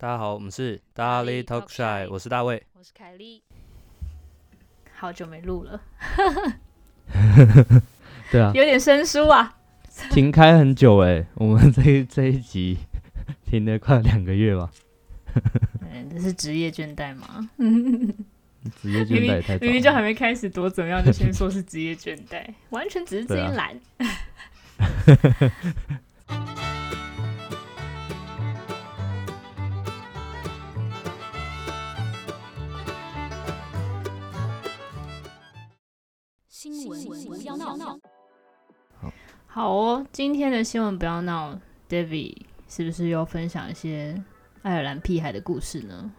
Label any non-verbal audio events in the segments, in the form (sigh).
大家好，我們是 Daily Talk Show，Okay. 我是大衛，我是凱莉，好久沒錄了， (laughs) (laughs) 對啊，有點生疏啊， (laughs) 停開很久哎、欸，我們這一這一集停了快兩個月吧 (laughs) 、欸，這是職業倦怠嗎？職 (laughs) 業倦怠太早了明明，明明就還沒開始多怎麼樣，就先說是職業倦怠， (laughs) 完全只是自己懶。對啊 (laughs) 好，好哦。今天的新聞不要 Now，David 是不是又分享一些愛爾蘭屁孩的故事呢？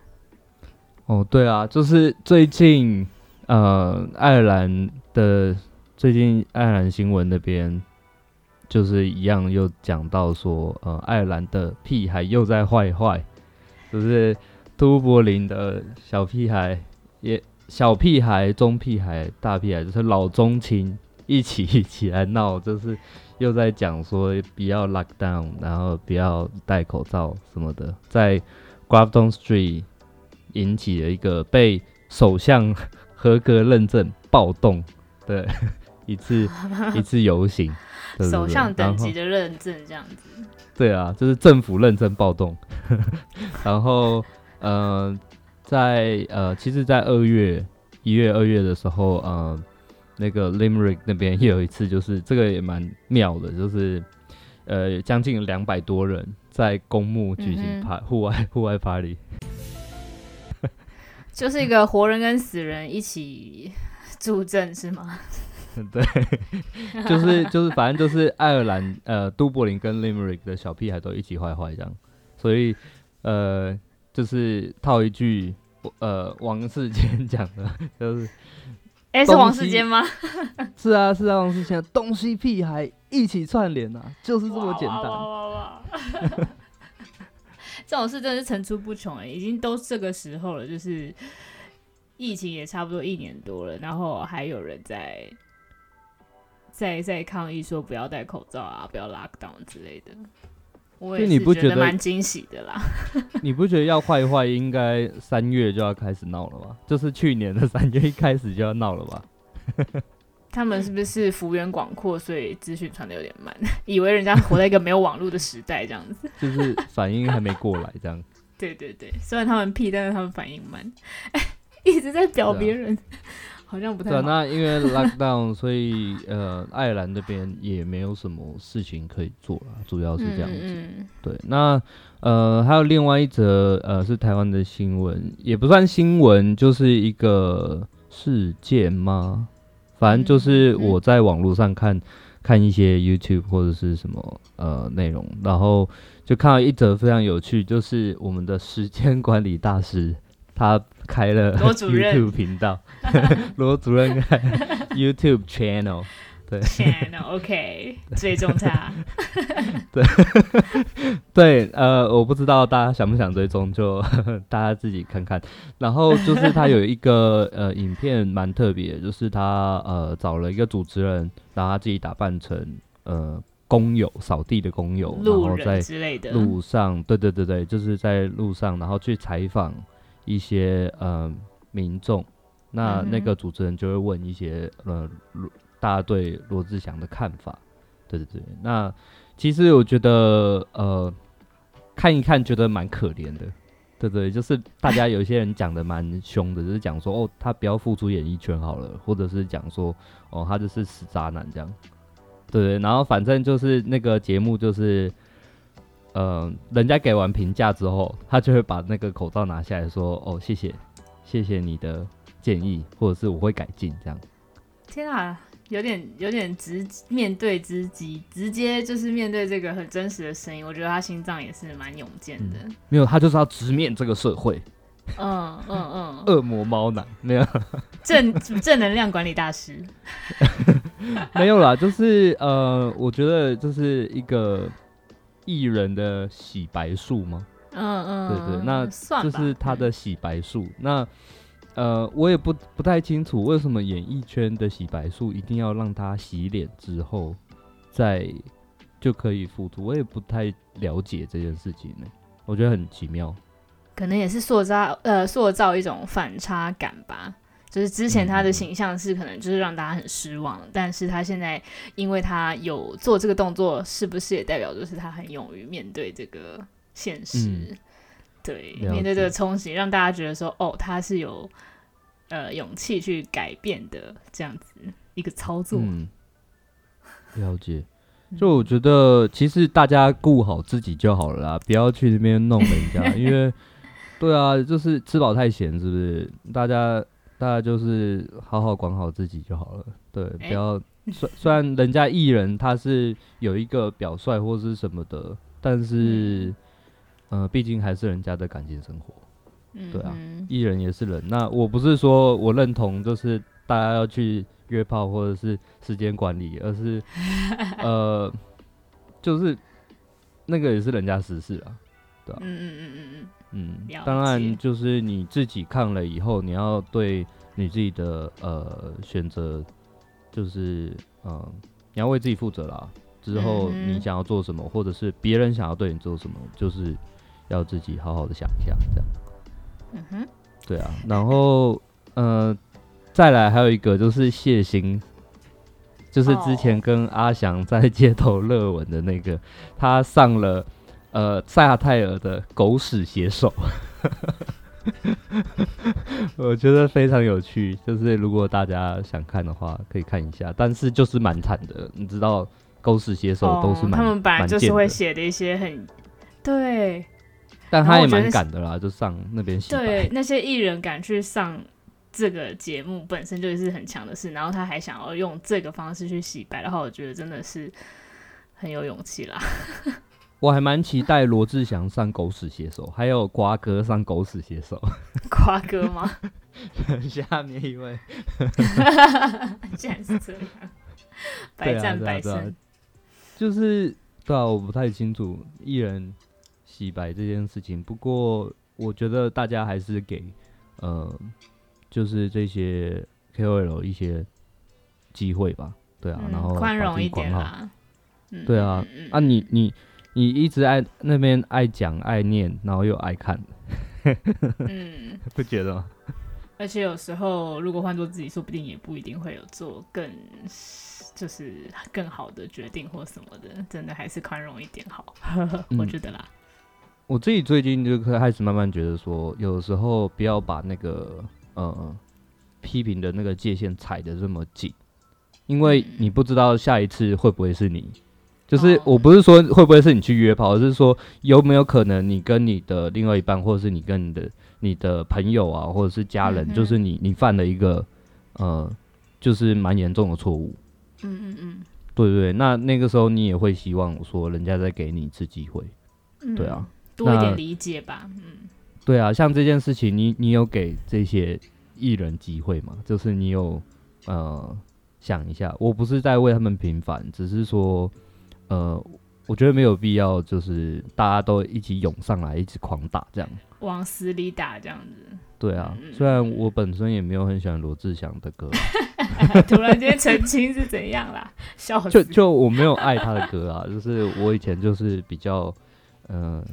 哦，對啊，就是最近呃，愛爾蘭的最近愛爾蘭新聞那邊就是一樣又講到說，呃，愛爾蘭的屁孩又在壞壞，就是都柏林的小屁孩也小屁孩、中屁孩、大屁孩，就是老中青。一起一起來鬧，就是又在講說不要 lockdown，然後不要戴口罩什麼的，在 Grafton Street 引起了一個被首相合格認證暴動的一次 (laughs) 一次遊行，首相等級的認證這樣子。對啊，就是政府認證暴動。 (laughs) 然後，嗯、呃，在呃，其實在，在二月一月二月的時候，嗯、呃。那個 Limerick 那邊也有一次，就是這個也蠻妙的，就是，呃，將近兩百多人在公墓舉行派、嗯哼、戶外戶外 party，就是一個活人跟死人一起助陣 (laughs) 是嗎？對，就是就是反正就是愛爾蘭 (laughs) 呃都柏林跟 Limerick 的小屁孩都一起壞壞這樣，所以呃就是套一句呃王世堅講的，就是。誒，是王世堅嗎？是啊，是啊，王世堅，東西屁孩一起串聯啊，就是這麼簡單。這種事真的是層出不窮。欸，已經都這個時候了，就是疫情也差不多一年多了，然後還有人在在在抗議說不要戴口罩啊，不要 lockdown 之類的。所以你不覺得蠻驚喜的啦？你不覺得要壞壞應該三月就要開始鬧了嗎？ (laughs) 就是去年的三月一開始就要鬧了吧？ (laughs) 他們是不是幅員廣闊，所以資訊傳得有點慢？以為人家活在一個沒有網絡的時代這樣子？ (laughs) 就是反應還沒過來這樣 (laughs) 對對對，雖然他們屁，但是他們反應慢，哎， (laughs) 一直在屌別人。好像不太對。那因為 lockdown， (laughs) 所以呃，愛爾蘭那邊也沒有什麼事情可以做了，主要是這樣子。嗯嗯、對，那呃，還有另外一則呃，是台灣的新聞，也不算新聞，就是一個事件嗎？反正就是我在網絡上看、嗯嗯、看一些 YouTube 或者是什麼呃內容，然後就看到一則非常有趣，就是我們的時間管理大師。他開了 YouTube 頻道，羅主任， (laughs) 任開 YouTube channel，對，channel OK 追蹤對他對 (laughs) 對呃，我不知道大家想不想追蹤，就大家自己看看。然後就是他有一個 (laughs) 呃影片蠻特別的，就是他呃找了一個主持人，然後他自己打扮成呃工友，掃地的工友，路人之類的，然後在路上，對對對對，就是在路上，然後去採訪。一些嗯、呃，民眾，那那個主持人就會問一些呃大家對羅志祥的看法，對對對。那其實我覺得呃看一看覺得蠻可憐的，對，對對，就是大家有些人講得蠻兇的， (laughs) 就是講說哦他不要復出演藝圈好了，或者是講說哦他就是死渣男這樣，對、對、對，然後反正就是那個節目就是。呃，人家給完評價之後，他就會把那個口罩拿下來說：“哦，謝謝，謝謝你的建議，或者是我會改進。”這樣。天啊，有點有點直面對直擊，直接就是面對這個很真實的聲音。我覺得他心臟也是蠻勇健的、嗯。沒有，他就是要直面這個社會。嗯嗯嗯。惡、嗯嗯、 (laughs) 魔貓男沒有正正能量管理大師。 (laughs) 沒有啦，就是呃，我覺得就是一個。藝人的洗白術嗎？嗯嗯，嗯對，對對，那就是他的洗白術吧，那、嗯、呃，我也不不太清楚為什麼演藝圈的洗白術一定要讓他洗臉之後再就可以復出，我也不太了解這件事情呢。我覺得很奇妙，可能也是塑造呃塑造一種反差感吧。就是之前他的形象是可能就是讓大家很失望，嗯、但是他現在因為他有做這個動作，是不是也代表就是他很勇於面對這個現實？嗯、對，了解，面對這個衝擊，讓大家覺得說哦，他是有呃勇氣去改變的這樣子一個操作、嗯。了解，就我覺得其實大家顧好自己就好了啦，不要去那邊弄人家， (laughs) 因為對啊，就是吃飽太閒，是不是？大家。大家就是好好管好自己就好了，對，欸、不要。雖雖然人家藝人他是有一個表率或是什麼的，但是，嗯、呃，畢竟還是人家的感情生活，嗯嗯對啊，藝人也是人。那我不是說我認同，就是大家要去約炮或者是時間管理，而是，呃，就是那個也是人家私事啊，對啊，嗯嗯嗯嗯。嗯，解當然就是你自己看了以後，你要對你自己的呃選擇，就是呃，你要為自己負責啦。之後你想要做什麼，嗯、哼或者是別人想要對你做什麼，就是要自己好好的想一下，這樣。嗯哼，對啊。然後呃，再來還有一個就是謝忻，就是之前跟阿翔在街頭熱吻的那個，他上了。呃，薩泰爾的狗屎寫手， (laughs) 我覺得非常有趣。就是如果大家想看的話，可以看一下。但是就是蠻慘的，你知道，狗屎寫手都是蠻、哦、他們本來就是會寫的，的，的一些很對，但他也蠻敢的啦，就上那邊洗白，對那些藝人敢去上這個節目，本身就是很強的事。然後他還想要用這個方式去洗白，的話，我覺得真的是很有勇氣啦。 (laughs) 我還蠻期待羅志祥上狗屎攜手，還有瓜哥上狗屎攜手。瓜哥嗎？ (laughs) 下面一位。 (laughs) (laughs) (laughs) 竟然是這樣，百戰百勝、啊啊啊、就是對啊，我不太清楚藝人洗白這件事情，不過我覺得大家還是給呃，就是這些 KOL 一些機會吧。對啊，嗯、然後寬容一點吧、啊。對啊，啊你你。你你一直愛那邊愛講愛念，然後又愛看， (laughs) 嗯，不覺得嗎？而且有時候，如果換做自己，說不定也不一定會有做更就是更好的決定或什麼的。真的還是寬容一點好， (laughs) 我覺得啦。嗯，我自己最近就開始慢慢覺得說，有時候不要把那個呃批評的那個界限踩得這麼緊，因為你不知道下一次會不會是你。就是我不是說會不會是你去約炮，而是說有沒有可能你跟你的另外一半，或者是你跟你的你的朋友啊，或者是家人，嗯嗯，就是你你犯了一個呃，就是蠻嚴重的錯誤。嗯嗯嗯，對對，對那那個時候你也會希望說人家再給你一次機會，嗯，對啊，多一點理解吧，嗯，對啊，像這件事情，你你有給這些藝人機會嗎？就是你有呃，想一下，我不是在為他們平反，只是說。呃，我覺得沒有必要，就是大家都一起湧上來，一起狂打這樣，往死裡打這樣子。對啊，嗯、雖然我本身也沒有很喜歡羅志祥的歌， (laughs) 突然間澄清是怎樣啦？笑死就就我沒有愛他的歌啊， (laughs) 就是我以前就是比較嗯、呃、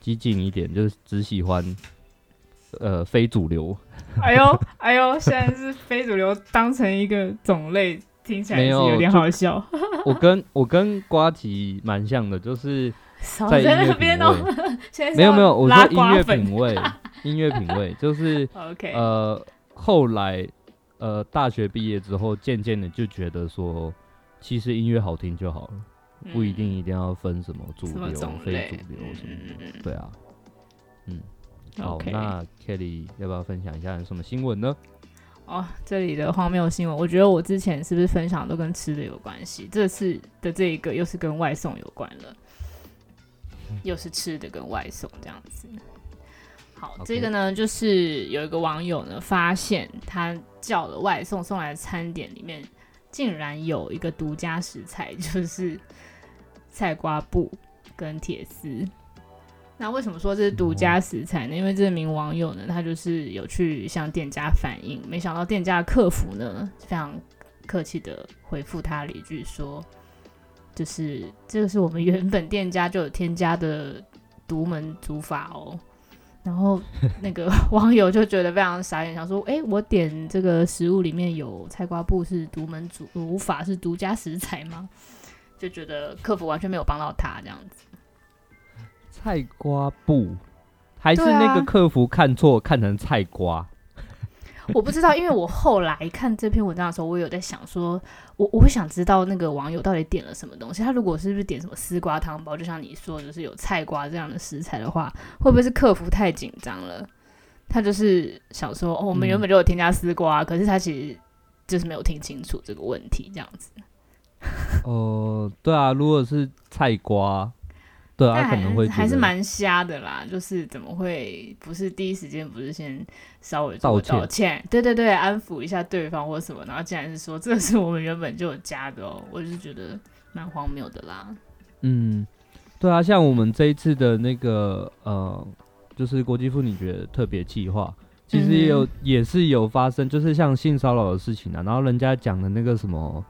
激進一點，就是只喜歡呃非主流。哎呦哎呦，現在是非主流當成一個種類。聽起來有點好笑。我跟我跟瓜題蠻像的，就是在那邊哦。沒有沒有，我說音樂品味，音樂品味就是呃，後來呃大學畢業之後，漸漸的就覺得說，其實音樂好聽就好了，不一定一定要分什麼主流、非主流什麼的，對啊，嗯。好，那 Kelly 要不要分享一下什麼新聞呢？哦，這裡的荒謬新聞，我覺得我之前是不是分享都跟吃的有關係？這次的這一個又是跟外送有關了，又是吃的跟外送這樣子。好，Okay. 這個呢，就是有一個網友呢發現，他叫了外送送來的餐點裡面，竟然有一個獨家食材，就是菜瓜布跟鐵絲。那為什麼說這是獨家食材呢？因為這名網友呢，他就是有去向店家反映，沒想到店家的客服呢非常客氣地回復他了一句說：“就是這個是我們原本店家就有添加的獨門煮法哦、喔。”然後那個網友就覺得非常傻眼，想說：“誒、欸，我點這個食物裡面有菜瓜布是獨門煮、嗯、法是獨家食材嗎？”就覺得客服完全沒有幫到他這樣子。菜瓜布還是那個客服看錯，啊、看成菜瓜？我不知道，因為我後來看這篇文章的時候，我有在想說，說我我會想知道那個網友到底點了什麼東西。他如果是不是點什麼絲瓜湯包，就像你說，就是有菜瓜這樣的食材的話，嗯、會不會是客服太緊張了？他就是想說，哦，我們原本就有添加絲瓜，嗯、可是他其實就是沒有聽清楚這個問題，這樣子。哦、呃，對啊，如果是菜瓜。對，啊，可能會還是蠻瞎的啦，就是怎麼會不是第一時間不是先稍微道歉，道歉，對對對，安撫一下對方或什麼，然後竟然是說，這是我們原本就有加的哦、喔，我就覺得蠻荒謬的啦。嗯，對啊，像我們這一次的那個呃，就是國際婦女節特別計劃，其實也有、嗯、也是有發生，就是像性騷擾的事情啊，然後人家講的那個什麼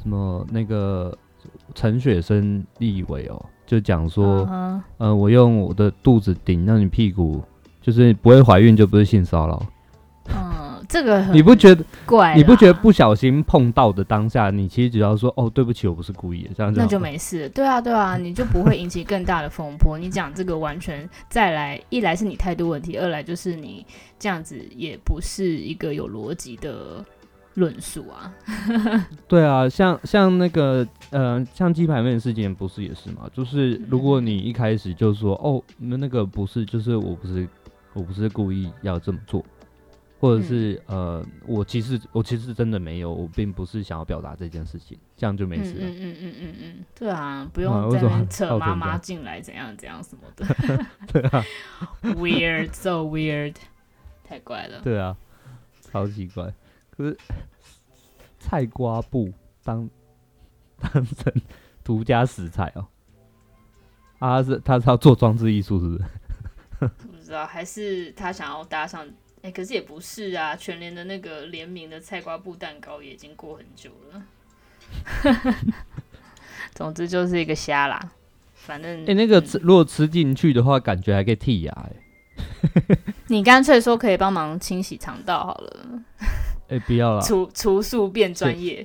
什麼那個。陳雪生立委哦，就講說，uh huh. 呃，我用我的肚子頂到你屁股，就是不會懷孕，就不是性騷擾。嗯，uh, 這個你不覺得怪？ (laughs) 你不覺得不小心碰到的當下，你其實只要說，哦，對不起，我不是故意的，這樣子那就沒事。對啊，對啊，你就不會引起更大的風波。 (laughs) 你講這個完全再來，一來是你態度問題，二來就是你這樣子也不是一個有邏輯的。論述啊， (laughs) 對啊，像像那個嗯、呃，像雞排面的事件不是也是嗎？就是如果你一開始就說 (laughs) 哦，那那個不是，就是我不是，我不是故意要這麼做，或者是、嗯、呃，我其實我其實真的沒有，我並不是想要表達這件事情，這樣就沒事了。嗯嗯嗯嗯嗯，對啊，不用再、啊、扯媽媽進來怎樣怎樣什麼的。 (laughs) 對啊 (laughs) ，Weird，so weird，太怪了。對啊，超奇怪。 (laughs) 是菜瓜布當當成獨家食材哦、喔。啊、他是他是要做裝置藝術，是不是？我不知道，還是他想要搭上？哎、欸，可是也不是啊。全聯的那個聯名的菜瓜布蛋糕也已經過很久了。 (laughs) (laughs) 總之就是一個瞎啦。反正哎、欸，那個吃、嗯、如果吃進去的話，感覺還可以剔牙。 (laughs) 你乾脆說可以幫忙清洗腸道好了。哎、欸，不要了！除除數變專業，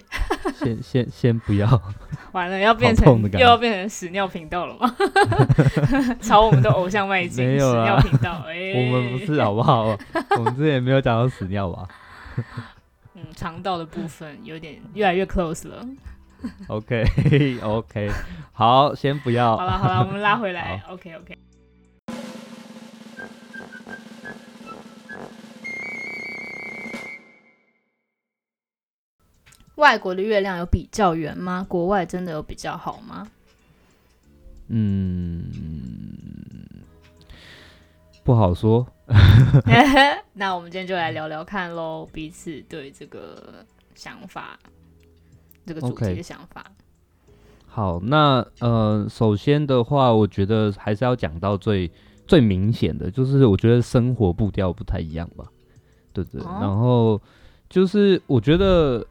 先先先不要。完了，要變成又要變成屎尿頻道了嗎？ (laughs) (laughs) 朝我們的偶像邁進， (laughs) 啦屎尿頻道。哎、欸，我們不是好不好、啊？我們之前沒有講到屎尿吧？ (laughs) 嗯，腸道的部分有點越來越 close 了。 (laughs) OK，OK，okay, okay. 好，先不要。好了，好了，我們拉回來。OK，OK 好。Okay, okay. 外國的月亮有比較圓嗎？國外真的有比較好嗎？嗯，不好說。 (laughs) (laughs) 那我們今天就來聊聊看嘍，彼此對這個想法，這個主題的想法。Okay. 好，那呃，首先的話，我覺得還是要講到最最明顯的，就是我覺得生活步調不太一樣吧，對對對，哦、然後就是我覺得。嗯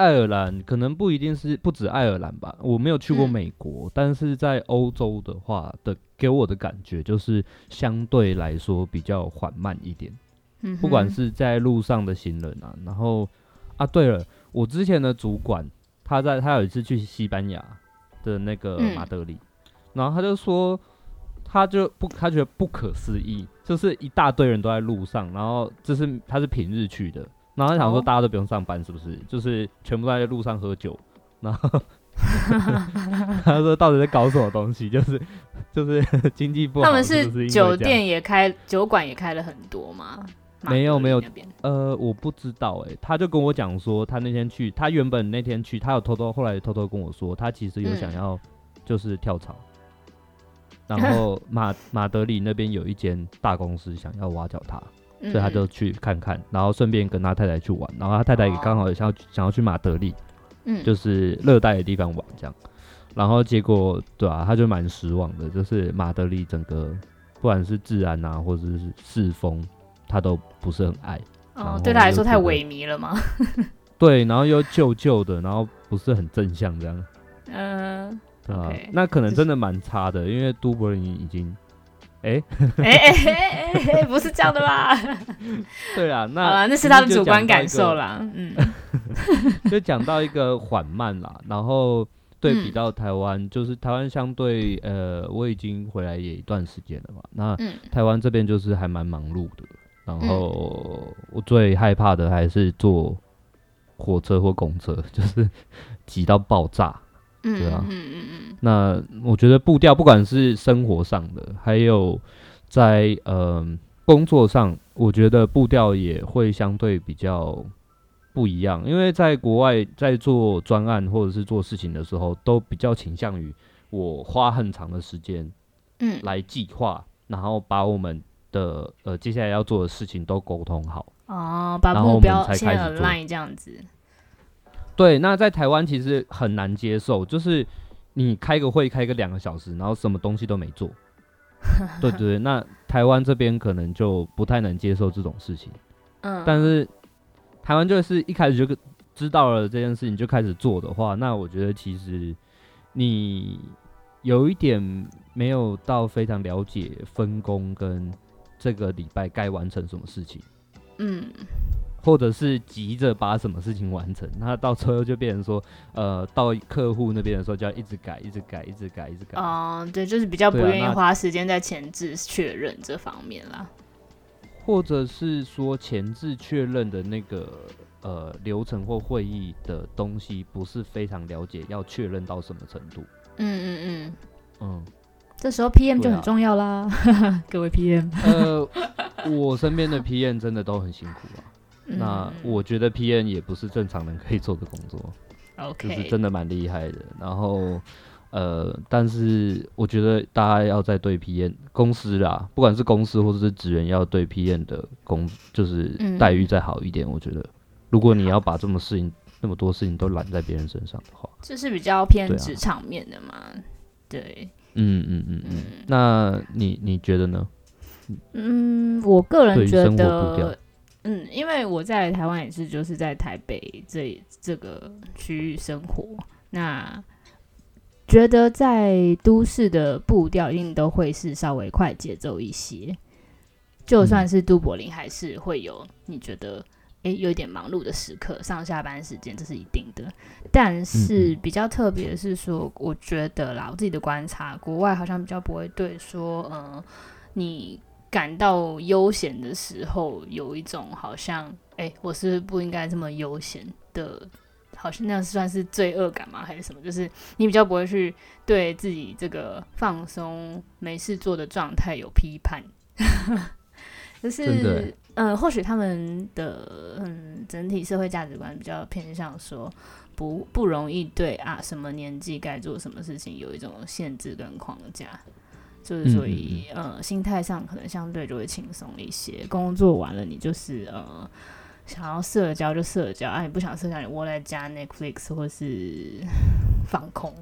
愛爾蘭可能不一定是不止愛爾蘭吧，我沒有去過美國，嗯、但是在歐洲的話的給我的感覺就是相對來說比較緩慢一點，嗯哼，不管是在路上的行人啊，然後啊，對了，我之前的主管他在他有一次去西班牙的那個馬德里，嗯、然後他就說他就不他覺得不可思議，就是一大堆人都在路上，然後這是他是平日去的。然後他想說大家都不用上班是不是？哦、就是全部都在路上喝酒。然後 (laughs) (laughs) 他說，到底在搞什麼東西？就是就是經濟不好是不是？他們是酒店也開酒館也開了很多嗎？沒有沒有呃我不知道哎、欸，他就跟我講說他那天去，他原本那天去，他有偷偷後來偷偷跟我說，他其實有想要就是跳槽，嗯、然後馬馬德里那邊有一間大公司想要挖角他。所以他就去看看，嗯、然後順便跟他太太去玩，然後他太太也剛好也想要、哦、想要去馬德里，嗯、就是熱帶的地方玩這樣，然後結果對吧、啊，他就蠻失望的，就是馬德里整個不管是治安啊或者是世風，他都不是很愛，哦，他對他來說太萎靡了嗎？ (laughs) 對，然後又舊舊的，然後不是很正向這樣，嗯、呃，對啊，okay, 那可能真的蠻差的，是因為都柏林已經。哎哎哎哎哎，不是這樣的啦。 (laughs) 對啊，那好啦，那是他的主觀感受啦。嗯，就講到一個緩、嗯、 (laughs) 慢啦，然後對比到台灣，嗯、就是台灣相對呃，我已經回來也一段時間了吧？那台灣這邊就是還蠻忙碌的，然後我最害怕的還是坐火車或公車，就是擠到爆炸。嗯，對啊，嗯嗯嗯，嗯嗯那我覺得步調，不管是生活上的，還有在呃工作上，我覺得步調也會相對比較不一樣，因為在國外在做專案或者是做事情的時候，都比較傾向於我花很長的時間，嗯，來計劃，然後把我們的呃接下來要做的事情都溝通好，哦，把目標先很爛這樣子。對，那在台灣其實很難接受，就是你開個會開個兩個小時，然後什麼東西都沒做。 (laughs) 對對對，那台灣這邊可能就不太能接受這種事情。嗯，但是台灣就是一開始就知道了這件事情，就開始做的話，那我覺得其實你有一點沒有到非常了解分工跟這個禮拜該完成什麼事情。嗯。或者是急着把什麼事情完成，那到最後就變成說，呃，到客戶那邊的時候就要一直改、一直改、一直改、一直改。哦，uh, 對，就是比較不願意花時間在前置確認這方面啦、啊。或者是說前置確認的那個呃流程或會議的東西不是非常了解，要確認到什麼程度？嗯嗯嗯嗯，嗯嗯嗯這時候 P M 就很重要啦，啊、 (laughs) 各位 P M。呃， (laughs) 我身邊的 P M 真的都很辛苦啊。那我覺得 P N 也不是正常人可以做的工作，Okay. 就是真的蠻厲害的。然後，呃，但是我覺得大家要再對 P N 公司啦，不管是公司或者是職員，要對 P N 的工就是待遇再好一點。嗯、我覺得，如果你要把這麼事情好那麼多事情都攬在別人身上的話，這是比較偏職場面的嘛？對，啊、對，嗯嗯嗯嗯。嗯嗯嗯那你你覺得呢？嗯，我個人覺得。嗯，因為我在台灣也是，就是在台北這這個區域生活，那覺得在都市的步調一定都會是稍微快節奏一些。就算是都柏林，還是會有你覺得誒、欸，有一點忙碌的時刻，上下班時間這是一定的。但是比較特別是說，我覺得啦，我自己的觀察，國外好像比較不會對說，嗯、呃，你。感到悠閒的時候，有一種好像，哎、欸，我是不是不應該這麼悠閒的，好像那樣算是罪惡感嗎，還是什麼？就是你比較不會去對自己這個放鬆、沒事做的狀態有批判， (laughs) 就是，嗯、欸呃，或許他們的嗯整體社會價值觀比較偏向說不，不不容易對啊什麼年紀該做什麼事情有一種限制跟框架。就是所以，嗯、呃，心態上可能相對就會輕鬆一些。工作完了，你就是呃，想要社交就社交啊，你不想社交，你窩在家，Netflix 或是放空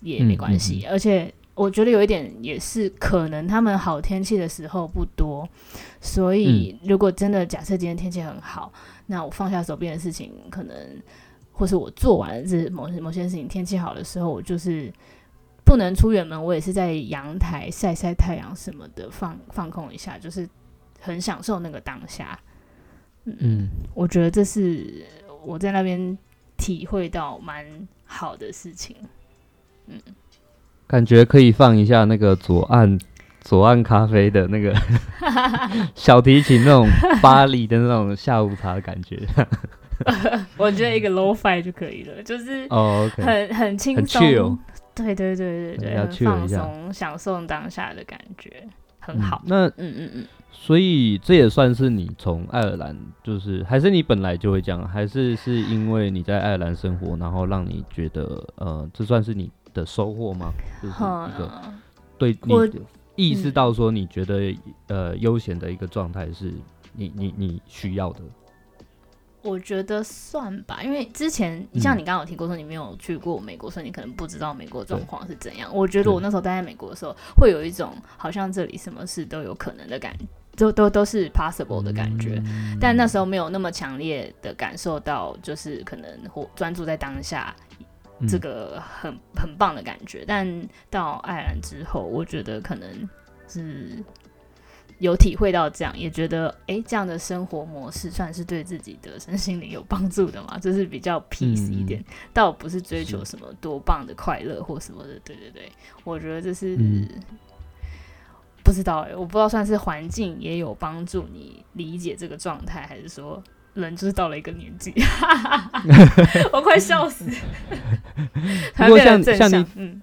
也沒關係。嗯嗯嗯、而且我覺得有一點也是，可能他們好天氣的時候不多，所以如果真的假設今天天氣很好，那我放下手邊的事情，可能或是我做完了這某些某些事情，天氣好的時候，我就是。不能出遠門，我也是在陽台曬曬太陽什麼的放，放放空一下，就是很享受那個當下。嗯，嗯，我覺得這是我在那邊體會到蠻好的事情。嗯，感覺可以放一下那個左岸，左岸咖啡的那個 (laughs) 小提琴那種巴黎的那種下午茶的感覺。 (laughs) (laughs) 我覺得一個 lo-fi 就可以了，就是很，Oh, okay. 很輕鬆。對對對對對，很、嗯、放鬆，享受當下的感覺、嗯、很好。那嗯嗯嗯，所以這也算是你從愛爾蘭，就是還是你本來就會這樣，還是是因為你在愛爾蘭生活，然後讓你覺得呃，這算是你的收穫嗎？就是一個、啊、對你我意識到說，你覺得呃悠閒的一個狀態是你你你需要的。我覺得算吧，因為之前像你剛剛有提過，說你沒有去過美國，嗯、所以你可能不知道美國狀況是怎樣。對我覺得我那時候待在美國的時候，會有一種好像這裡什麼事都有可能的感覺，都都都是 possible 的感覺。嗯、但那時候沒有那麼強烈的感受到，就是可能或專注在當下這個很、嗯、很棒的感覺。但到愛爾蘭之後，我覺得可能是。有體會到這樣，也覺得哎、欸，這樣的生活模式算是對自己的身心靈有幫助的嘛？就是比較 peace 一點，但我、嗯、不是追求什麼多棒的快樂或什麼的。是對對對，我覺得這是、嗯、不知道哎、欸，我不知道算是環境也有幫助你理解這個狀態，還是說人就是到了一個年紀，我快笑死。不過像像你，嗯。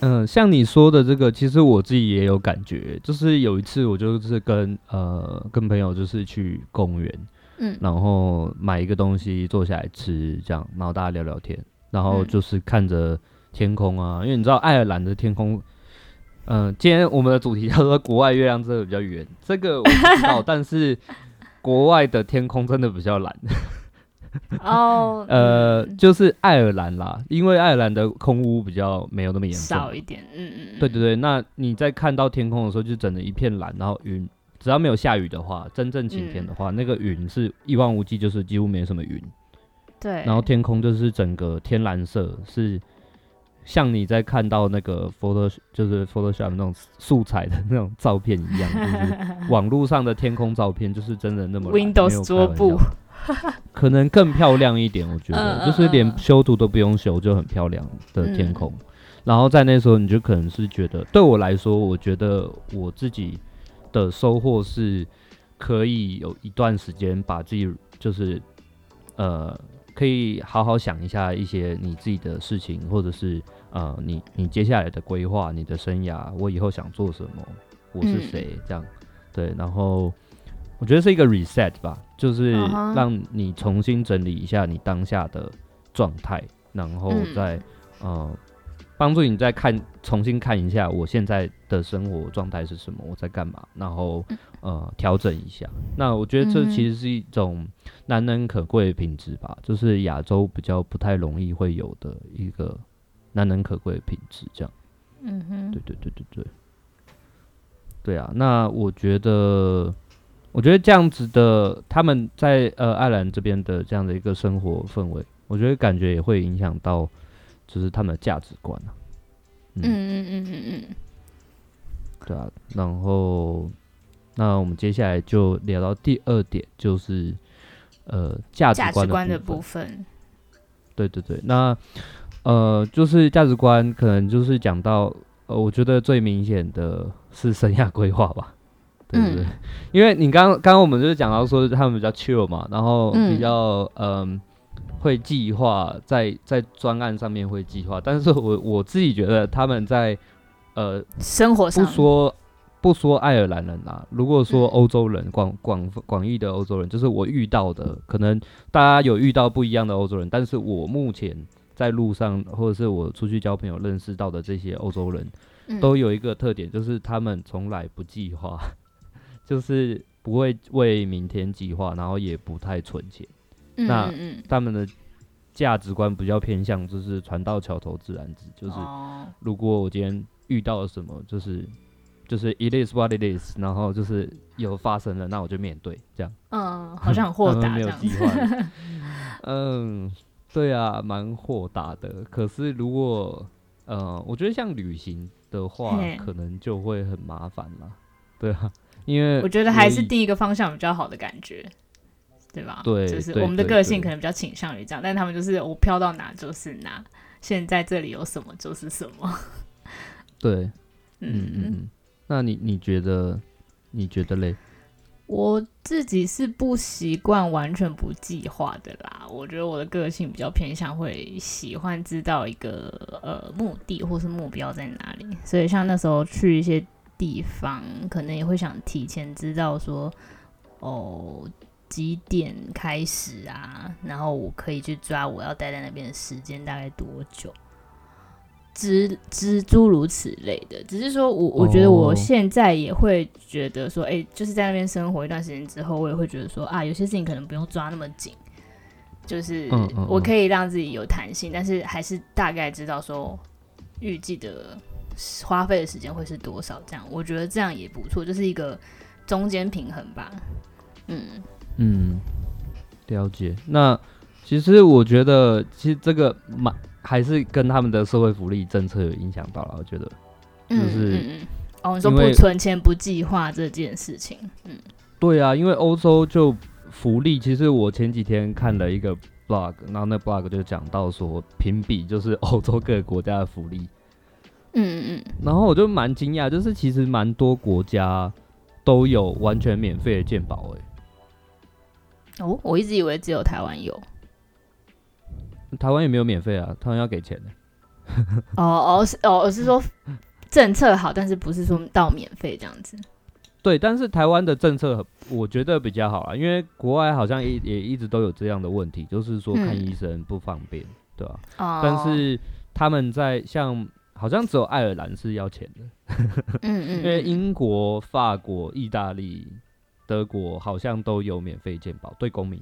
嗯、呃，像你說的這個，其實我自己也有感覺。就是有一次，我就是跟呃跟朋友就是去公園，嗯，然後買一個東西坐下來吃，這樣，然後大家聊聊天，然後就是看着天空啊，嗯、因為你知道愛爾蘭的天空，嗯、呃，今天我們的主題叫做國外月亮真的比較圓，這個我知道， (laughs) 但是國外的天空真的比較藍。哦， (laughs) oh, 呃，就是愛爾蘭啦，因為愛爾蘭的空污比較沒有那麼嚴重，少一點，嗯嗯對對對。那你在看到天空的時候，就整的一片藍，然後雲，只要沒有下雨的話，真正晴天的話，嗯、那個雲是一望無際，就是幾乎沒什麼雲。對，然後天空就是整個天藍色，是像你在看到那個 Photos 就是 Photoshop 那種素材的那種照片一樣， (laughs) 就是網絡上的天空照片，就是真的那麼藍，Windows 沒有桌布。 (laughs) 可能更漂亮一點，我覺得就是連修圖都不用修就很漂亮的天空。嗯、然後在那時候，你就可能是覺得，對我來說，我覺得我自己的收穫是，可以有一段時間把自己就是，呃，可以好好想一下一些你自己的事情，或者是呃，你你接下來的規劃、你的生涯、我以後想做什麼、我是誰、嗯、這樣。對，然後我覺得是一個 reset 吧。就是讓你重新整理一下你當下的狀態，然後再、嗯、呃幫助你再看重新看一下我現在的生活狀態是什麼，我在幹嘛，然後呃調整一下。那我覺得這其實是一種難能可貴的品質吧，就是亞洲比較不太容易會有的一個難能可貴的品質，這樣。嗯哼，對對對對對，對啊，那我覺得。我覺得這樣子的，他們在呃愛蘭這邊的這樣的一個生活氛圍，我覺得感覺也會影響到，就是他們的價值觀，嗯嗯嗯嗯嗯嗯，對啊。然後，那我們接下來就聊到第二點，就是呃價值價值觀的部分。部分，對對對，那呃就是價值觀，可能就是講到呃，我覺得最明顯的是生涯規劃吧。對不對？嗯、因為你剛剛剛我們就是講到說他們比較 chill 嘛，然後比較嗯、呃、會計劃在，在在專案上面會計劃。但是我我自己覺得他們在呃生活上不說不說愛爾蘭人啊，如果說歐洲人、嗯、廣廣廣義的歐洲人，就是我遇到的，可能大家有遇到不一樣的歐洲人。但是我目前在路上或者是我出去交朋友認識到的這些歐洲人、嗯、都有一個特點，就是他們從來不計劃。就是不會為明天計劃，然後也不太存錢。嗯嗯，那他們的價值觀比較偏向，就是船到橋頭自然直。就是如果我今天遇到了什麼，就是就是 it is what it is，然後就是有發生了，那我就面對。這樣，嗯，好像很豁達 (laughs) 這樣 (laughs) 嗯，對啊，蠻豁達的。可是如果呃、嗯，我覺得像旅行的話，嘿嘿可能就會很麻煩了。對啊。因為我覺得還是定一個方向比較好的感覺，對，對吧？對，就是我們的個性可能比較傾向於這樣，但他們就是我飄到哪就是哪，現在這裡有什麼就是什麼。對，嗯嗯，嗯嗯，那你你覺得？你覺得嘞？我自己是不習慣完全不計劃的啦。我覺得我的個性比較偏向會喜歡知道一個呃目的或是目標在哪裡，所以像那時候去一些。地方可能也會想提前知道說，哦幾點開始啊，然後我可以去抓我要待在那邊的時間大概多久，之之諸如此類的。只是說我我覺得我現在也會覺得說，哎、oh.，就是在那邊生活一段時間之後，我也會覺得說啊，有些事情可能不用抓那麼緊，就是我可以讓自己有彈性，但是還是大概知道說預計的。花費的時間會是多少？這樣我覺得這樣也不錯，就是一個中間平衡吧。嗯嗯，了解。那其實我覺得，其實這個蠻還是跟他們的社會福利政策有影響到了。我覺得，就是嗯，嗯嗯，哦，你說不存錢不計劃這件事情，因為，嗯，對啊，因為歐洲就福利，其實我前幾天看了一個 blog，然後那 blog 就講到說，評比就是歐洲各個國家的福利。嗯嗯嗯，然後我就蠻驚訝，就是其實蠻多國家都有完全免費的健保哎、欸。哦，我一直以為只有台灣有。台灣也沒有免費啊，台灣要給錢的 (laughs) 哦。哦哦是哦，我是說政策好，但是不是說到免費這樣子。對，但是台灣的政策我覺得比較好啊，因為國外好像也也一直都有這樣的問題，就是說看醫生不方便，對吧？但是他們在像。好像只有愛爾蘭是要錢的，呵呵嗯嗯、因為英國、法國、意大利、德國好像都有免費健保。對公民，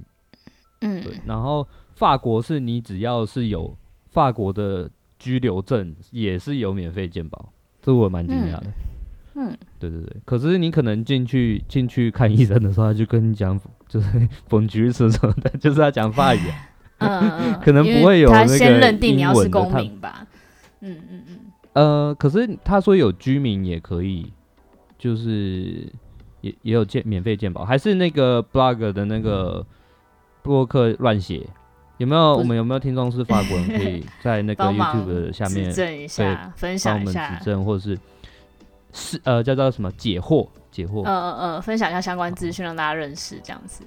嗯，對，然後法國是你只要是有法國的居留證，也是有免費健保。這我蠻驚訝的嗯，嗯，對對對，可是你可能進去進去看醫生的時候，他就跟你講就是什麼的，就是， (laughs) 就是他講法語，啊，嗯、可能不會有他先認定你要是公民吧，嗯嗯。呃，可是他說有居民也可以，就是也也有健免費健保，還是那個 blog 的那個博客亂寫？有沒有是我們有沒有聽眾是法國人？可以在那個 YouTube 的下面 (laughs) 指正一下對分享一下，我們指正，或者是是呃，叫做什麼解惑解惑？呃呃呃，分享一下相關資訊，讓大家認識這樣子。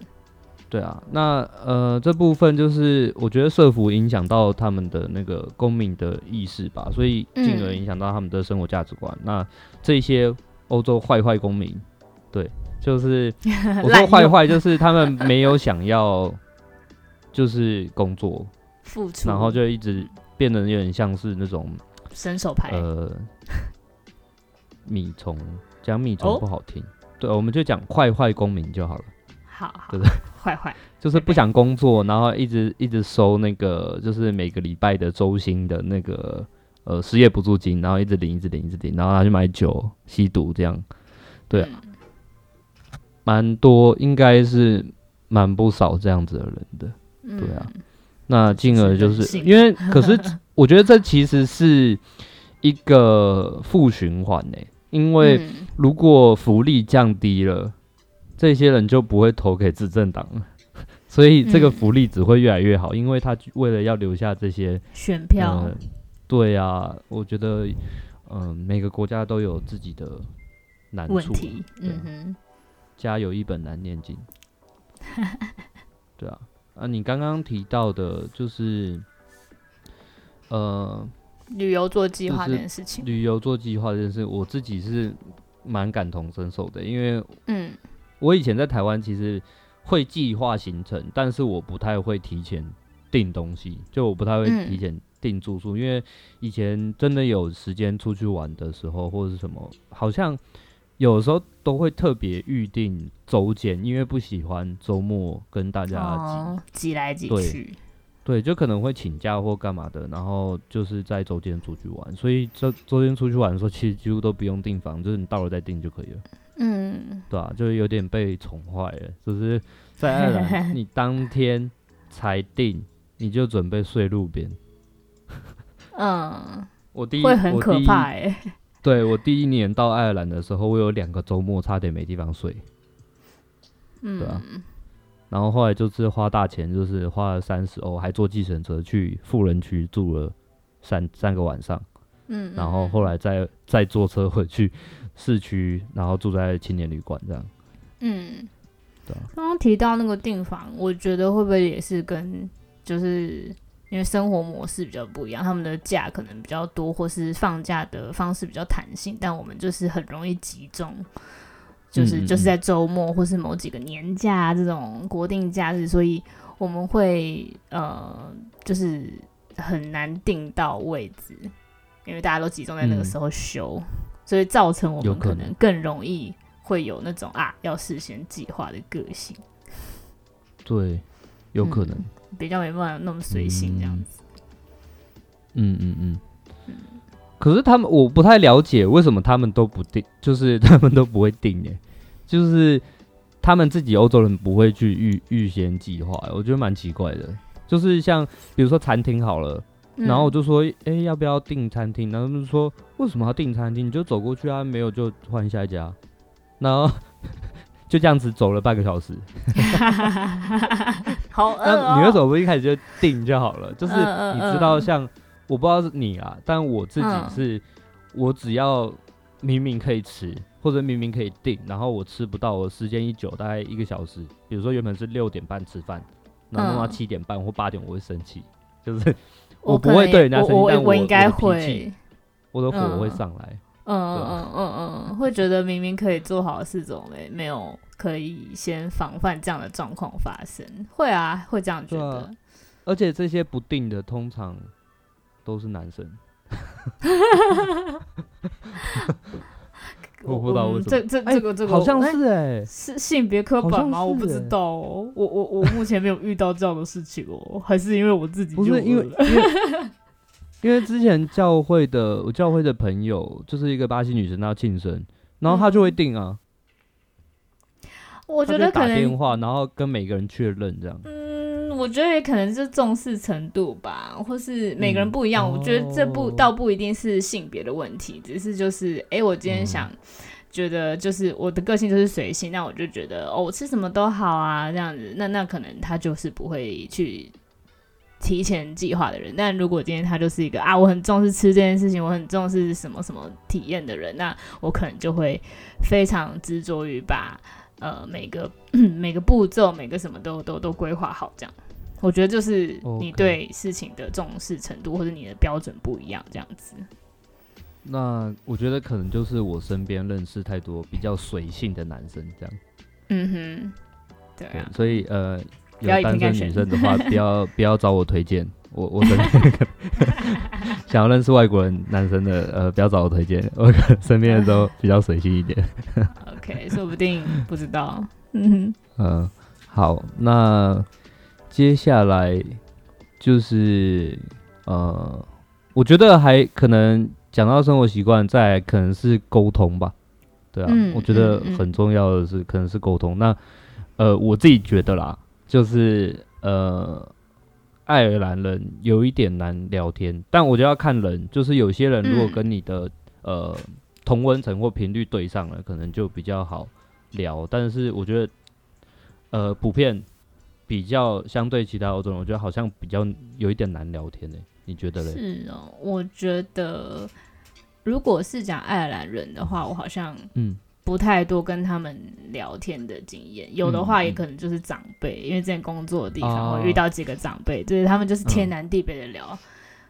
對啊，那呃這部分就是我覺得社福影響到他們的那個公民的意識吧，所以進而影響到他們的生活價值觀。嗯、那這些歐洲壞壞公民，對，就是我說壞壞就是他們沒有想要，就是工作 (laughs) 付出，然後就一直變得有點像是那種伸手牌呃米蟲，講米蟲不好聽，哦、對，我們就講壞壞公民就好了。好，好，好壞壞，壞壞就是不想工作，然後一直一直收那個，就是每個禮拜的周薪的那個呃失業補助金，然後一直領一直領一直領，一直領，然後拿去買酒吸毒這樣，對啊，蠻、嗯、多應該是蠻不少這樣子的人的，對啊，嗯、那進而就是，是因為，可是我覺得這其實是一個負循環呢、欸，嗯、因為如果福利降低了。這些人就不會投給執政黨了， (laughs) 所以這個福利只會越來越好，嗯、因為他為了要留下這些選票，呃。對啊，我覺得，嗯、呃，每個國家都有自己的難處、問題，啊、嗯哼。家有一本難念經。 (laughs) 對啊，啊，你剛剛提到的就是，呃，旅遊做計劃這件事情。旅遊做計劃這件事情，我自己是蠻感同身受的，因為嗯。我以前在台灣其實會計劃行程，但是我不太會提前訂東西，就我不太會提前訂住宿，嗯、因為以前真的有時間出去玩的時候或者是什麼，好像有時候都會特別預定周間，因為不喜歡周末跟大家擠、哦、擠來擠去，對，對，就可能會請假或幹嘛的，然後就是在周間出去玩，所以周周間出去玩的時候其實幾乎都不用訂房，就是你到了再訂就可以了。嗯，對啊，就有點被寵壞了，就是在愛爾蘭， (laughs) 你當天才定，你就準備睡路邊。 (laughs) 嗯，我第一會很可怕，欸、我第一，對我第一年到愛爾蘭的時候，我有兩個周末差點沒地方睡。嗯，對啊。然後後來就是花大錢，就是花了三十歐，還坐計程車去富人區住了三三個晚上。嗯，然後後來再再坐車回去。市區，然後住在青年旅館這樣。嗯，對。剛剛提到那個訂房，我覺得會不會也是跟就是因為生活模式比較不一樣，他們的假可能比較多，或是放假的方式比較彈性，但我們就是很容易集中，就是就是在週末或是某幾個年假、啊嗯、這種國定假日，所以我們會呃就是很難訂到位置，因為大家都集中在那個時候休。嗯所以造成我們可能更容易會有那種有啊，要事先計劃的個性。對，有可能，嗯，比較沒辦法那麼隨性這樣子。嗯嗯嗯。嗯。嗯嗯，可是他們我不太了解為什麼他們都不定，就是他們都不會定呢？就是他們自己歐洲人不會去預預先計劃，我覺得蠻奇怪的。就是像比如說餐廳好了。然後我就說：“哎、欸，要不要訂餐廳？”然後他們說：“為什麼要訂餐廳？你就走過去啊，沒有就換下一家。”然後 (laughs) 就這樣子走了半個小時。 (laughs) (laughs) 好餓那，、哦、你們為什麼不一開始就訂就好了？就是你知道像、像、呃呃呃、我不知道是你啊，但我自己是，嗯、我只要明明可以吃或者明明可以訂，然後我吃不到，我時間一久，大概一個小時，比如說原本是六點半吃飯，然後弄到七點半或八點，我會生氣，就是。我,我不會對男生，我,我,我應該會，我的,嗯、我的火會上來。嗯對嗯嗯嗯嗯，會覺得明明可以做好的四種類，沒沒有可以先防範這樣的狀況發生。會啊，會這樣覺得對啊。而且這些不定的，通常都是男生。 (laughs) (laughs) 我不知道為什麼、嗯、這這、欸、這個這個好像是哎、欸，是性別刻板嗎？欸、我不知道、喔，哦，我我我目前沒有遇到這樣的事情哦、喔， (laughs) 還是因為我自己就是因為因為， (laughs) 因為之前教會的我教會的朋友就是一個巴西女生，她要慶生，然後她就會定啊，我覺得打電話然後跟每個人確認這樣。我覺得也可能是重視程度吧，或是每個人不一樣。嗯、我覺得這不、哦、倒不一定是性別的問題，只是就是，哎、欸，我今天想覺得就是我的個性就是隨性，嗯、那我就覺得哦，我吃什麼都好啊，這樣子。那那可能他就是不會去提前計劃的人。但如果今天他就是一個啊，我很重視吃這件事情，我很重視什麼什麼體驗的人，那我可能就會非常執着於把呃每個 (coughs) 每個步驟每個什麼都都都規劃好這樣。我覺得就是你對事情的重視程度，Okay. 或者你的標準不一樣，這樣子。那我覺得可能就是我身邊認識太多比較隨性的男生這樣。嗯哼，對啊。對，所以呃，有單身女生的話，不要不要，不要找我推薦。 (laughs) 我我身邊想要認識外國人男生的，呃，不要找我推薦。我可身邊的都比較隨性一點。 (laughs) OK，說不定不知道。嗯哼。嗯，好，那。接下來就是呃，我覺得還可能講到生活習慣，再可能是溝通吧。對啊，嗯、我覺得很重要的是、嗯嗯、可能是溝通。那呃，我自己覺得啦，就是呃，愛爾蘭人有一點難聊天，但我覺得要看人，就是有些人如果跟你的、嗯、呃同溫層或頻率對上了，可能就比較好聊。但是我覺得呃，普遍。比較相對其他歐洲人，我覺得好像比較有一點難聊天誒、欸，你覺得嘞？是哦、喔，我覺得如果是講愛爾蘭人的話，我好像嗯不太多跟他們聊天的經驗，嗯、有的話也可能就是長輩，嗯、因為在工作的地方會遇到幾個長輩，對、哦哦、他們就是天南地北的聊，嗯、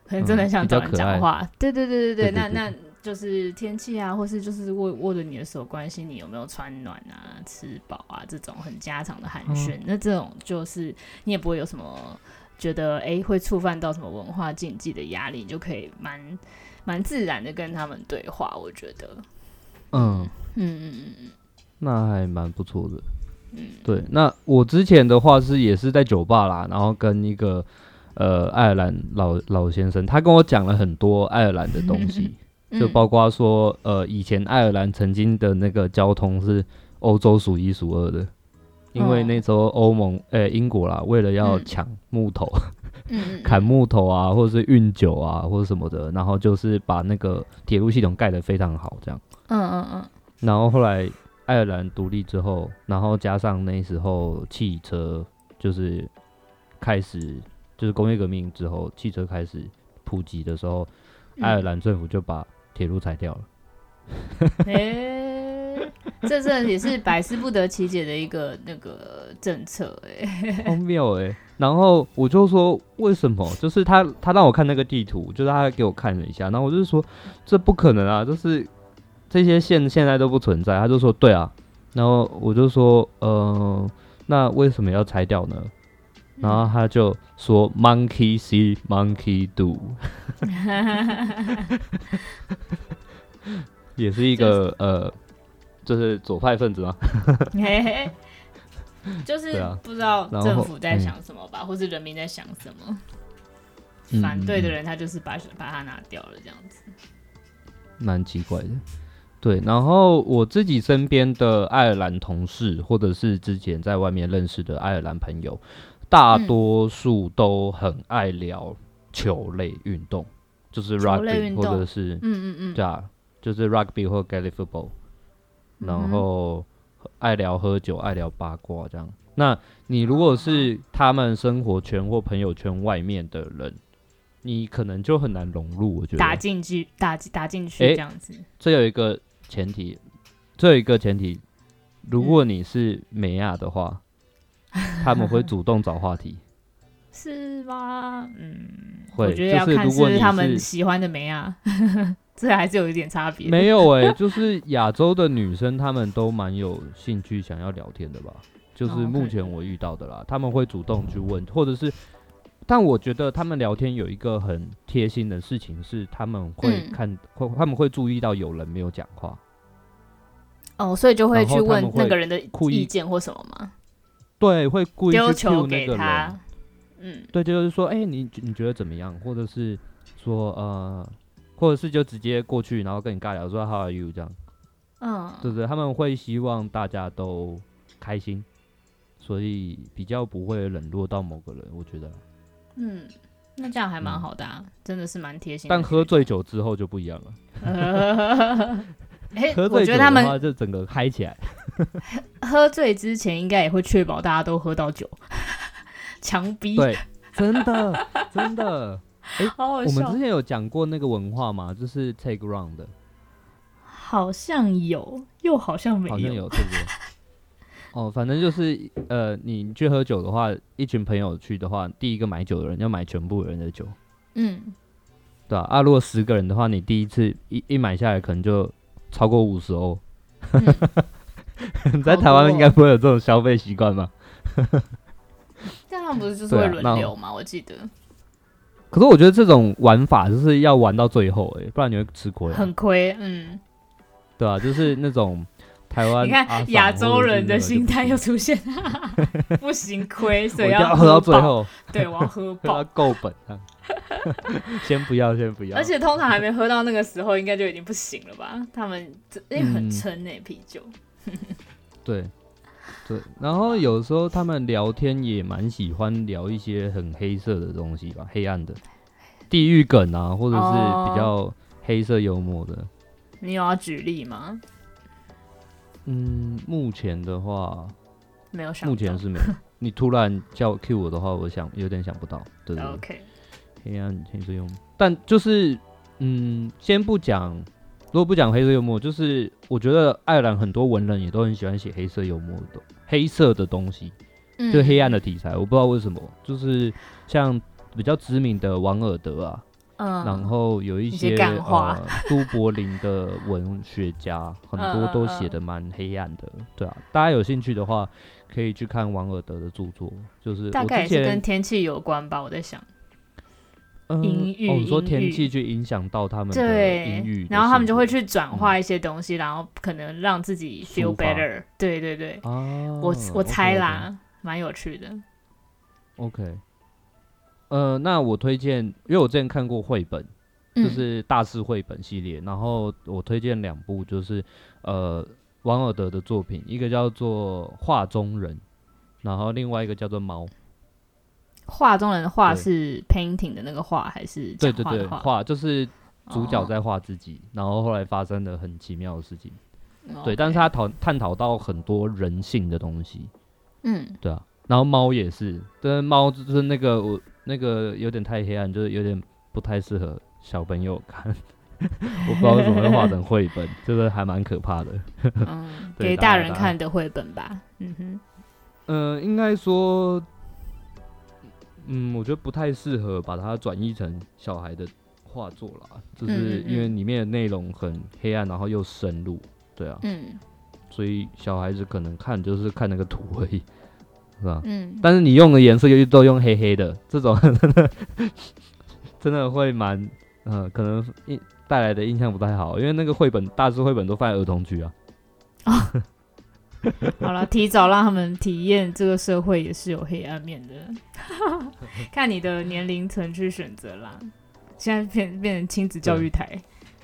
可能真的想找人講話，嗯、對對對對對，那那。那就是天氣啊，或是就是握握着你的手關，關心你有沒有穿暖啊、吃飽啊這種很家常的寒暄。嗯、那這種就是你也不會有什麼覺得哎、欸，會觸犯到什麼文化禁忌的壓力，你就可以蠻蠻自然的跟他們對話。我覺得，嗯嗯嗯嗯嗯，嗯那還蠻不錯的。嗯，對。那我之前的話是也是在酒吧啦，然後跟一個呃愛爾蘭老老先生，他跟我講了很多愛爾蘭的東西。 (laughs) 就包括說，嗯、呃，以前愛爾蘭曾經的那個交通是歐洲數一數二的，哦、因為那時候歐盟，呃、欸，英國啦，為了要搶木頭，嗯、 (laughs) 砍木頭啊，或者是運酒啊，或者什麼的，然後就是把那個鐵路系統蓋得非常好，這樣，嗯嗯嗯，然後後來愛爾蘭獨立之後，然後加上那時候汽車就是開始，就是工業革命之後汽車開始普及的時候，愛爾蘭政府就把。鐵路拆掉了，哎、 (laughs) 欸，這這也是百思不得其解的一個那個政策，欸，哎，妙哎，欸。然後我就說為什麼？就是他他讓我看那個地圖，就是他給我看了一下，然後我就說這不可能啊，就是這些線現在都不存在。他就說對啊，然後我就說嗯、呃，那為什麼要拆掉呢？然後他就說：“Monkey see, monkey do。 (laughs) ”也是一個、就是、呃，就是左派分子嗎？ (laughs) (laughs) 就是不知道政府在想什麼吧，然後，或是人民在想什麼？嗯、反對的人他就是把把他拿掉了，這樣子。蠻、嗯、奇怪的，對。然後我自己身邊的愛爾蘭同事，或者是之前在外面認識的愛爾蘭朋友。大多數都很愛聊球類運動，嗯、就是 rugby 或者是，對吧、嗯嗯嗯？就是 rugby 或者 Gaelic football 然後愛聊喝酒，愛聊八卦這樣。那你如果是他們生活圈或朋友圈外面的人，你可能就很難融入，我覺得。打進去，打打進去這樣子。這有一個前提，這有一個前提，如果你是美亞的話。嗯他們會主動找話題，是吧？嗯，我覺得要看是他們喜歡的沒啊，這還是有一點差別。沒有哎，就是亞洲的女生，他們都蠻有興趣想要聊天的吧？就是目前我遇到的啦，他們會主動去問，或者是，但我覺得他們聊天有一個很貼心的事情是，他們會看，會他們會注意到有人沒有講話。哦，所以就會去問那個人的意見或什麼嗎？對，會故意丟球給他，嗯，對，就是說，哎、欸，你你覺得怎麼樣？或者是說，呃，或者是就直接過去，然後跟你尬聊，說 How are you 這樣，嗯，對，對對，他們會希望大家都開心，所以比較不會冷落到某個人，我覺得，嗯，那這樣還蠻好的、啊，嗯、真的是蠻貼心的。但喝醉酒之後就不一樣了。 (laughs) (laughs) 欸、喝醉的話，就整個嗨起來。 (laughs) 我覺得他們喝醉之前應該也會確保大家都喝到酒， (laughs) 強強逼對，真的 (laughs) 真的。哎、欸，好好笑。我們之前有講過那個文化嗎？就是 take round 的，好像有，又好像沒有，好像有這個。對 (laughs) 哦，反正就是呃，你去喝酒的話，一群朋友去的話，第一個買酒的人要買全部人的酒，嗯，對啊，啊，如果十個人的話，你第一次一一買下來，可能就。超過五十歐，嗯、 (laughs) 在台灣應該不會有這種消費習慣吧？但他們不是就是會輪流嗎？啊、我記得。可是我覺得這種玩法就是要玩到最後哎、欸，不然你會吃虧、啊。很虧，嗯。對啊，就是那種台灣，你看亞洲人的心態又出現、啊， (laughs) 不行虧，所以要喝，要喝到最後。 (laughs) 對，我要喝飽，夠 (laughs) 本、啊 (laughs) 先不要，先不要。而且通常還沒喝到那個時候，應該就已經不行了吧？ (laughs) 他們這、欸、很撐呢、欸，嗯、啤酒。 (laughs) 對對，然後有時候他們聊天也蠻喜歡聊一些很黑色的東西吧，黑暗的、地獄梗啊，或者是比較黑色幽默的。哦、你有要舉例嗎？嗯，目前的話沒有想，目前是沒有。 (laughs) 你突然叫 Q 我的話，我想有點想不到。對，對，對，OK。黑暗、黑色幽默，但就是，嗯，先不講，如果不講黑色幽默，就是我覺得愛爾蘭很多文人也都很喜歡寫黑色幽默的黑色的東西，就黑暗的題材。嗯、我不知道為什麼，就是像比較知名的王爾德啊，嗯，然後有一些呃，都柏林的文學家，很多都寫的蠻黑暗的，嗯、對啊。大家有興趣的話，可以去看王爾德的著作，就是我大概也是跟天氣有關吧，我在想。嗯，陰鬱，哦，我們陰鬱，說天氣就影響到他們，對，然後他們就會去轉化一些東西，嗯、然後可能讓自己 feel better 發。對對對，啊，我我猜啦，蠻、okay、okay 有趣的。OK，呃，那我推薦，因為我之前看過繪本，就是大師繪本系列，嗯、然後我推薦兩部，就是呃，王爾德的作品，一個叫做《畫中人》，然後另外一個叫做《貓》。畫中人的畫是 painting 的那個畫對還是？對對對，畫就是主角在畫自己，oh. 然後後來發生了很奇妙的事情。Oh. 對，但是他討探討到很多人性的東西。嗯，Okay. 對啊。然後貓也是，但貓就是那個我那個有點太黑暗，就是有點不太適合小朋友看。 (laughs) 我不知道為什麼會畫成繪本， (laughs) 就是還蠻可怕的。 (laughs) oh. 對給大人看的繪本吧。嗯哼。嗯，應該說。嗯，我覺得不太適合把它轉移成小孩的畫作啦，就是因為裡面的內容很黑暗，然後又深入，對啊，嗯，所以小孩子可能看就是看那個圖而已，是吧？嗯，但是你用的顏色又一直都用黑黑的，這種真的，真的會蠻、呃，可能印帶來的印象不太好，因為那個繪本，大師繪本都放在兒童區啊。啊 (laughs) 好了，提早讓他們體驗這個社會也是有黑暗面的， (laughs) 看你的年齡層去選擇啦。現在變變成親子教育台，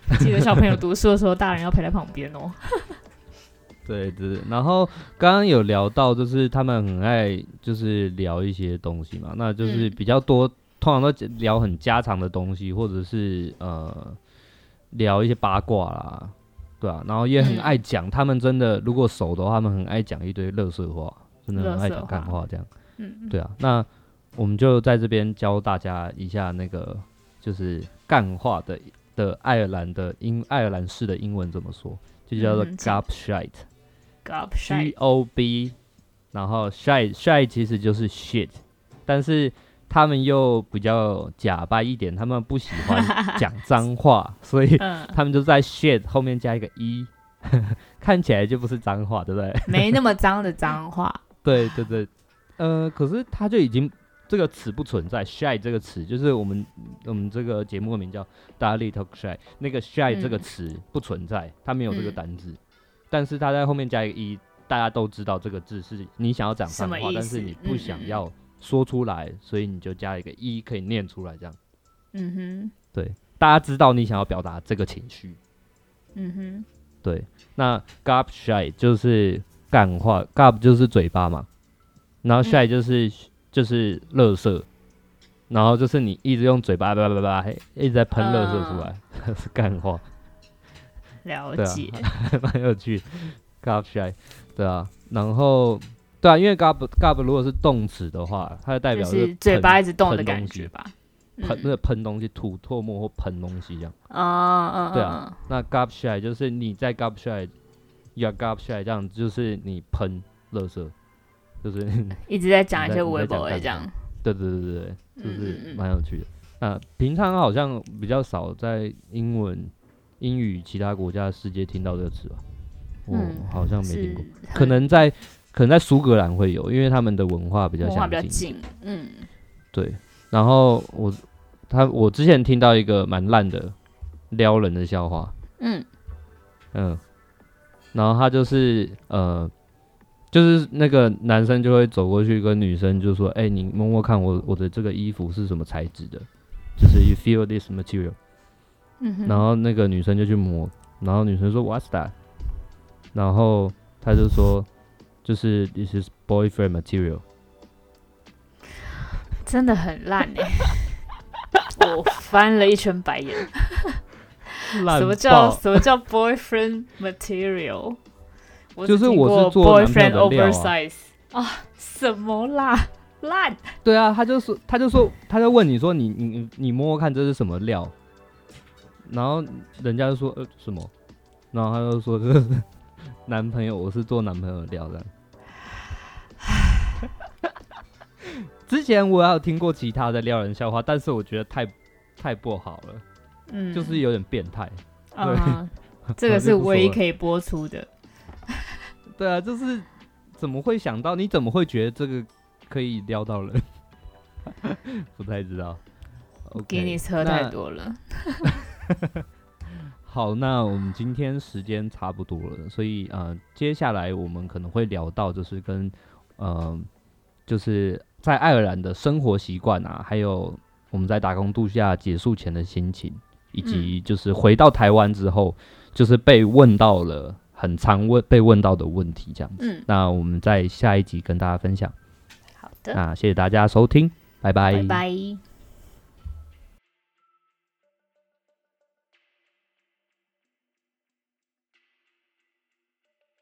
對記得小朋友讀書的時候，大人要陪在旁邊哦、喔。 (laughs) 對對，然後剛剛有聊到，就是他們很愛就是聊一些東西嘛，那就是比較多，嗯、通常都聊很家常的東西，或者是呃聊一些八卦啦。對啊，然後也很愛講，嗯、他們真的如果熟的話，他們很愛講一堆樂色話，真的很愛講幹話這樣。嗯，對啊，那我們就在這邊教大家一下那個就是幹話的的愛爾蘭的英愛爾蘭式的英文怎麼說，就叫做 gobshite，gobshite，g o b，然後 shite，shite 其實就是 shit，但是。他們又比較假掰一點，他們不喜歡講髒話， (laughs) 所以他們就在 “shit” 後面加一個、e, “一”，看起來就不是髒話，對不對？沒那麼髒的髒話。 (laughs) 對對對，呃，可是他就已經這個詞不存在 s, (laughs) shite 這個詞，就是我們我們這個節目的名叫《Daily Talk Shite》那個 shite 這個詞不存在，嗯、他沒有這個單字。嗯、但是他在後面加一個“一”，大家都知道這個字是你想要講髒話，但是你不想要嗯嗯。說出來，所以你就加一個一、e，可以念出來這樣。嗯哼，對，大家知道你想要表達這個情緒。嗯哼，對。那 gab shy 就是幹話，gab 就是嘴巴嘛，然後 shy 就是、嗯、就是樂色，然後就是你一直用嘴巴叭叭叭，一直在噴樂色出來，是幹、嗯、話。了解，蠻、啊、有趣 (laughs) ，gab shy，對啊，然後。對啊，因為 gob gob 如果是動詞的話，它就代表就是，就是嘴巴一直動的感覺吧，噴那個噴東西、吐唾沫或噴東西這樣。啊啊、哦哦、對啊，那 gobshite 就是你在 gobshite your gobshite 這樣，就是你噴垃圾，就是一直在講一些污言穢語，對對對對對，就是蠻有趣的。嗯、那平常好像比較少在英文、英語其他國家的世界聽到這個詞吧？我好像沒聽過，嗯、可能在。可能在蘇格蘭會有，因為他們的文化比較相近，文化比較近，嗯，對。然後我他我之前聽到一個蠻爛的撩人的笑話，嗯嗯，然後他就是呃，就是那個男生就會走過去跟女生就說：“哎、嗯欸，你摸摸看我我的這個衣服是什麼材質的？”就是 “You feel this material？” 嗯哼，然後那個女生就去摸，然後女生說 “What's that？” 然後他就說。就是 this is boyfriend material，真的很爛呢、欸， (laughs) 我翻了一圈白眼。 (laughs) 爆什麼叫什麼叫 boyfriend material？就是我是做、啊、boyfriend oversize 啊？什麼爛爛？對啊，他就說，他就說他就問你說你你你摸摸看這是什麼料？然後人家就說呃什麼？然後他就說這、就是男朋友，我是做男朋友的料的。之前我有聽過其他的撩人笑話，但是我覺得太太不好了，嗯，就是有點變態。對，啊、 (laughs) 這個是唯一可以播出的。 (laughs) 對啊，就是怎麼會想到？你怎麼會覺得這個可以撩到人？ (laughs) 不太知道。Okay，給你車太多了。那 (laughs) (laughs) 好，那我們今天時間差不多了，所以呃，接下來我們可能會聊到就是跟嗯、呃，就是。在愛爾蘭的生活習慣啊，還有我們在打工度假結束前的心情，以及就是回到台灣之後，嗯、就是被問到了很常問被問到的問題，這樣子。子、嗯、那我們在下一集跟大家分享。好的。那謝謝大家收聽，拜拜。拜拜。